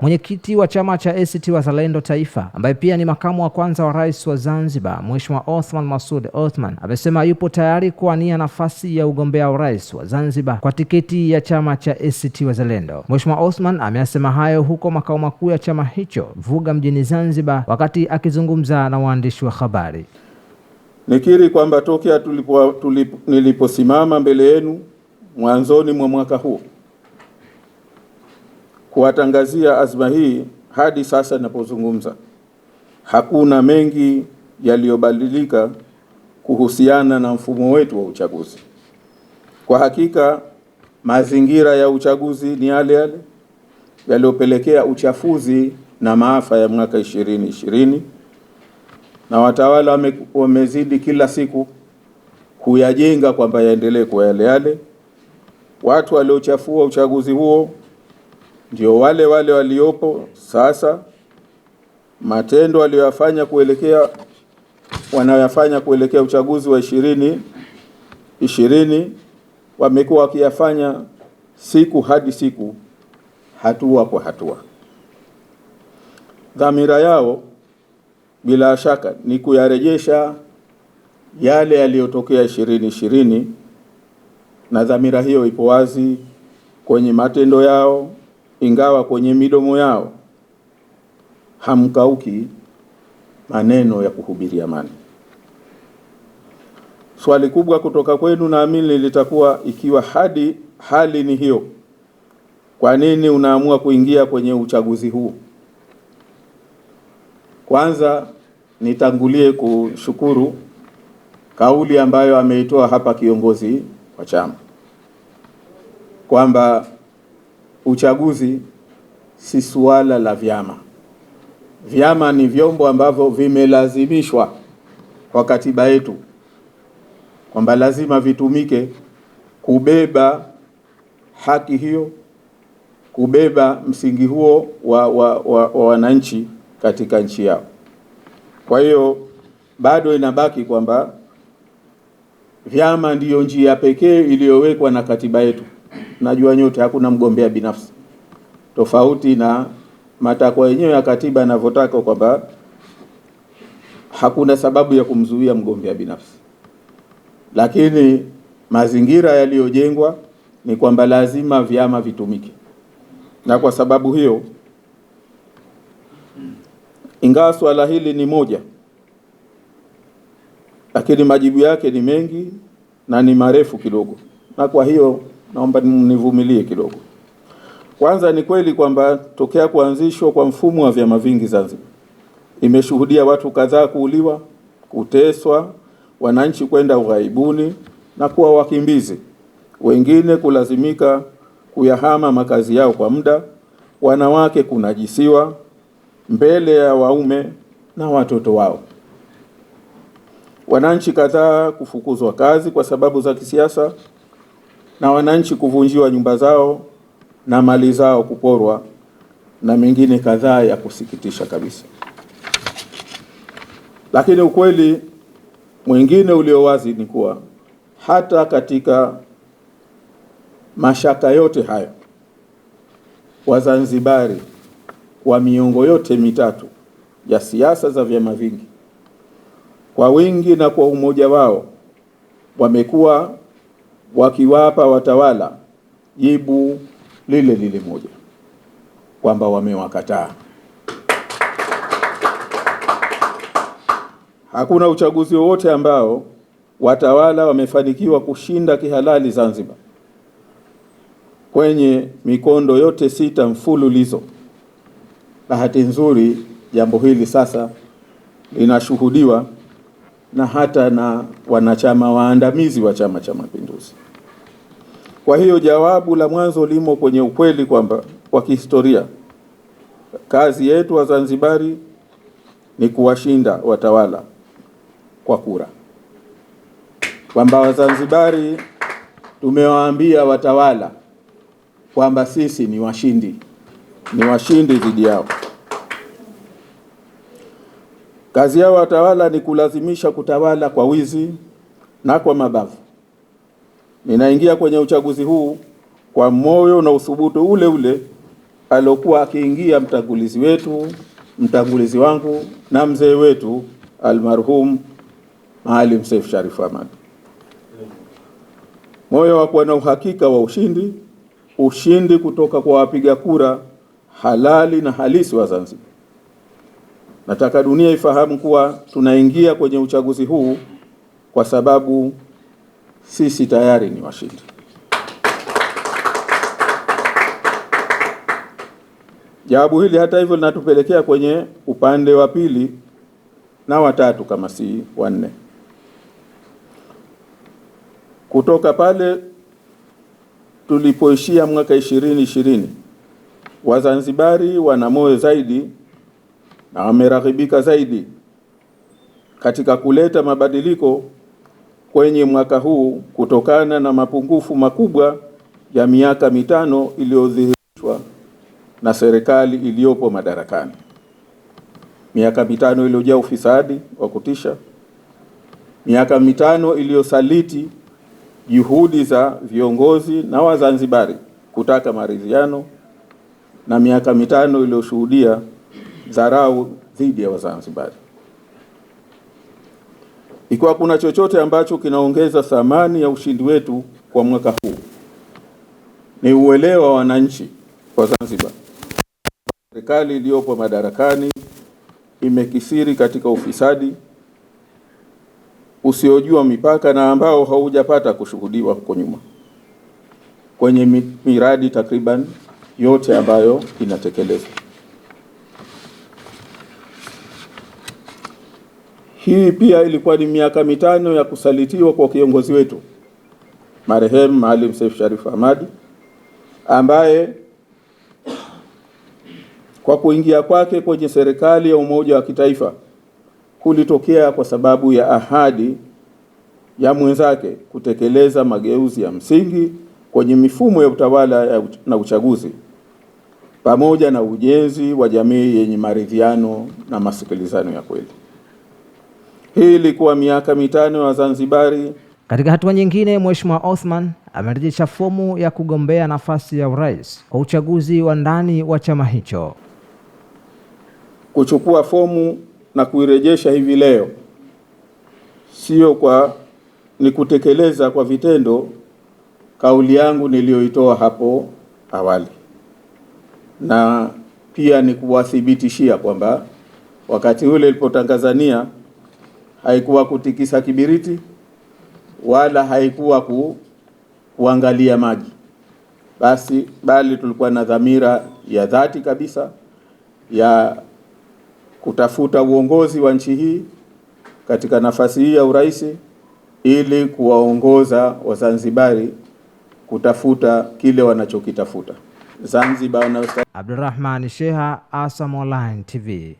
Mwenyekiti wa chama cha ACT Wazalendo Taifa, ambaye pia ni makamu wa kwanza wa rais wa Zanzibar, Mheshimiwa Othman Masud Othman amesema yupo tayari kuwania nafasi ya ugombea urais wa Zanzibar kwa tiketi ya chama cha ACT Wazalendo. Mheshimiwa Othman ameyasema hayo huko makao makuu ya chama hicho Vuga mjini Zanzibar, wakati akizungumza na waandishi wa habari. Nikiri kwamba tokea tulipo, tulipo, niliposimama mbele yenu mwanzoni mwa mwaka huu kuwatangazia azma hii hadi sasa ninapozungumza, hakuna mengi yaliyobadilika kuhusiana na mfumo wetu wa uchaguzi. Kwa hakika mazingira ya uchaguzi ni yale yale yaliyopelekea uchafuzi na maafa ya mwaka ishirini ishirini, na watawala wame, wamezidi kila siku kuyajenga kwamba yaendelee kuwa yale yale. Watu waliochafua uchaguzi huo ndio wale wale waliopo sasa, matendo aliyoyafanya kuelekea wanayoyafanya kuelekea uchaguzi wa ishirini ishirini wamekuwa wakiyafanya siku hadi siku, hatua kwa hatua. Dhamira yao bila shaka ni kuyarejesha yale yaliyotokea ishirini ishirini, na dhamira hiyo ipo wazi kwenye matendo yao ingawa kwenye midomo yao hamkauki maneno ya kuhubiri amani. Swali kubwa kutoka kwenu naamini litakuwa ikiwa hadi hali ni hiyo, kwa nini unaamua kuingia kwenye uchaguzi huu? Kwanza nitangulie kushukuru kauli ambayo ameitoa hapa kiongozi wa chama kwamba uchaguzi si suala la vyama. Vyama ni vyombo ambavyo vimelazimishwa kwa katiba yetu kwamba lazima vitumike kubeba haki hiyo, kubeba msingi huo wa, wa, wa, wa wananchi katika nchi yao. Kwa hiyo bado inabaki kwamba vyama ndiyo njia pekee iliyowekwa na katiba yetu najua nyote hakuna mgombea binafsi, tofauti na matakwa yenyewe ya katiba yanavyotaka kwamba hakuna sababu ya kumzuia mgombea binafsi, lakini mazingira yaliyojengwa ni kwamba lazima vyama vitumike, na kwa sababu hiyo, ingawa swala hili ni moja, lakini majibu yake ni mengi na ni marefu kidogo, na kwa hiyo naomba nivumilie kidogo. Kwanza ni kweli kwamba tokea kuanzishwa kwa mfumo wa vyama vingi Zanzibar imeshuhudia watu kadhaa kuuliwa, kuteswa, wananchi kwenda ughaibuni na kuwa wakimbizi, wengine kulazimika kuyahama makazi yao kwa muda, wanawake kunajisiwa mbele ya waume na watoto wao, wananchi kadhaa kufukuzwa kazi kwa sababu za kisiasa na wananchi kuvunjiwa nyumba zao na mali zao kuporwa na mengine kadhaa ya kusikitisha kabisa. Lakini ukweli mwingine ulio wazi ni kuwa hata katika mashaka yote hayo, Wazanzibari wa miongo yote mitatu ya siasa za vyama vingi, kwa wingi na kwa umoja wao, wamekuwa wakiwapa watawala jibu lile lile moja kwamba wamewakataa. Hakuna uchaguzi wowote ambao watawala wamefanikiwa kushinda kihalali Zanzibar kwenye mikondo yote sita mfululizo. Bahati nzuri jambo hili sasa linashuhudiwa na hata na wanachama waandamizi wa Chama cha Mapinduzi. Kwa hiyo jawabu la mwanzo limo kwenye ukweli kwamba wa kihistoria, kazi yetu Wazanzibari ni kuwashinda watawala kwa kura, kwamba Wazanzibari tumewaambia watawala kwamba sisi ni washindi, ni washindi dhidi yao. Kazi yao watawala ni kulazimisha kutawala kwa wizi na kwa mabavu. Ninaingia kwenye uchaguzi huu kwa moyo na uthubutu ule ule aliokuwa akiingia mtangulizi wetu, mtangulizi wangu na mzee wetu almarhum Maalim Seif Sharif Hamad, moyo wa kuwa na uhakika wa ushindi, ushindi kutoka kwa wapiga kura halali na halisi wa Zanzibar. Nataka dunia ifahamu kuwa tunaingia kwenye uchaguzi huu kwa sababu sisi tayari ni washindi. Jawabu hili hata hivyo linatupelekea kwenye upande wa pili na watatu kama si wanne. Kutoka pale tulipoishia mwaka ishirini ishirini, Wazanzibari wana moyo zaidi na wameraghibika zaidi katika kuleta mabadiliko kwenye mwaka huu kutokana na mapungufu makubwa ya miaka mitano iliyodhihirishwa na serikali iliyopo madarakani. Miaka mitano iliyojaa ufisadi wa kutisha, miaka mitano iliyosaliti juhudi za viongozi na Wazanzibari kutaka maridhiano, na miaka mitano iliyoshuhudia dharau dhidi ya Wazanzibari. Ikiwa kuna chochote ambacho kinaongeza thamani ya ushindi wetu kwa mwaka huu ni uelewa wa wananchi wa Zanzibar. Serikali iliyopo madarakani imekisiri katika ufisadi usiojua mipaka na ambao haujapata kushuhudiwa huko nyuma kwenye miradi takriban yote ambayo inatekelezwa. Hii pia ilikuwa ni miaka mitano ya kusalitiwa kwa kiongozi wetu marehemu Maalim Seif Sharif Hamad ambaye kwa kuingia kwake kwenye serikali ya umoja wa kitaifa kulitokea kwa sababu ya ahadi ya mwenzake kutekeleza mageuzi ya msingi kwenye mifumo ya utawala na uchaguzi pamoja na ujenzi wa jamii yenye maridhiano na masikilizano ya kweli. Hii ilikuwa miaka mitano ya Wazanzibari. Katika hatua nyingine, Mheshimiwa Othman amerejesha fomu ya kugombea nafasi ya urais kwa uchaguzi wa ndani wa chama hicho. Kuchukua fomu na kuirejesha hivi leo sio kwa ni kutekeleza kwa vitendo kauli yangu niliyoitoa hapo awali, na pia ni kuwathibitishia kwamba wakati ule ilipotangazania haikuwa kutikisa kibiriti wala haikuwa ku, kuangalia maji basi, bali tulikuwa na dhamira ya dhati kabisa ya kutafuta uongozi wa nchi hii katika nafasi hii ya urais ili kuwaongoza Wazanzibari kutafuta kile wanachokitafuta Zanzibar. Abdulrahman Sheha, ASAM Online TV.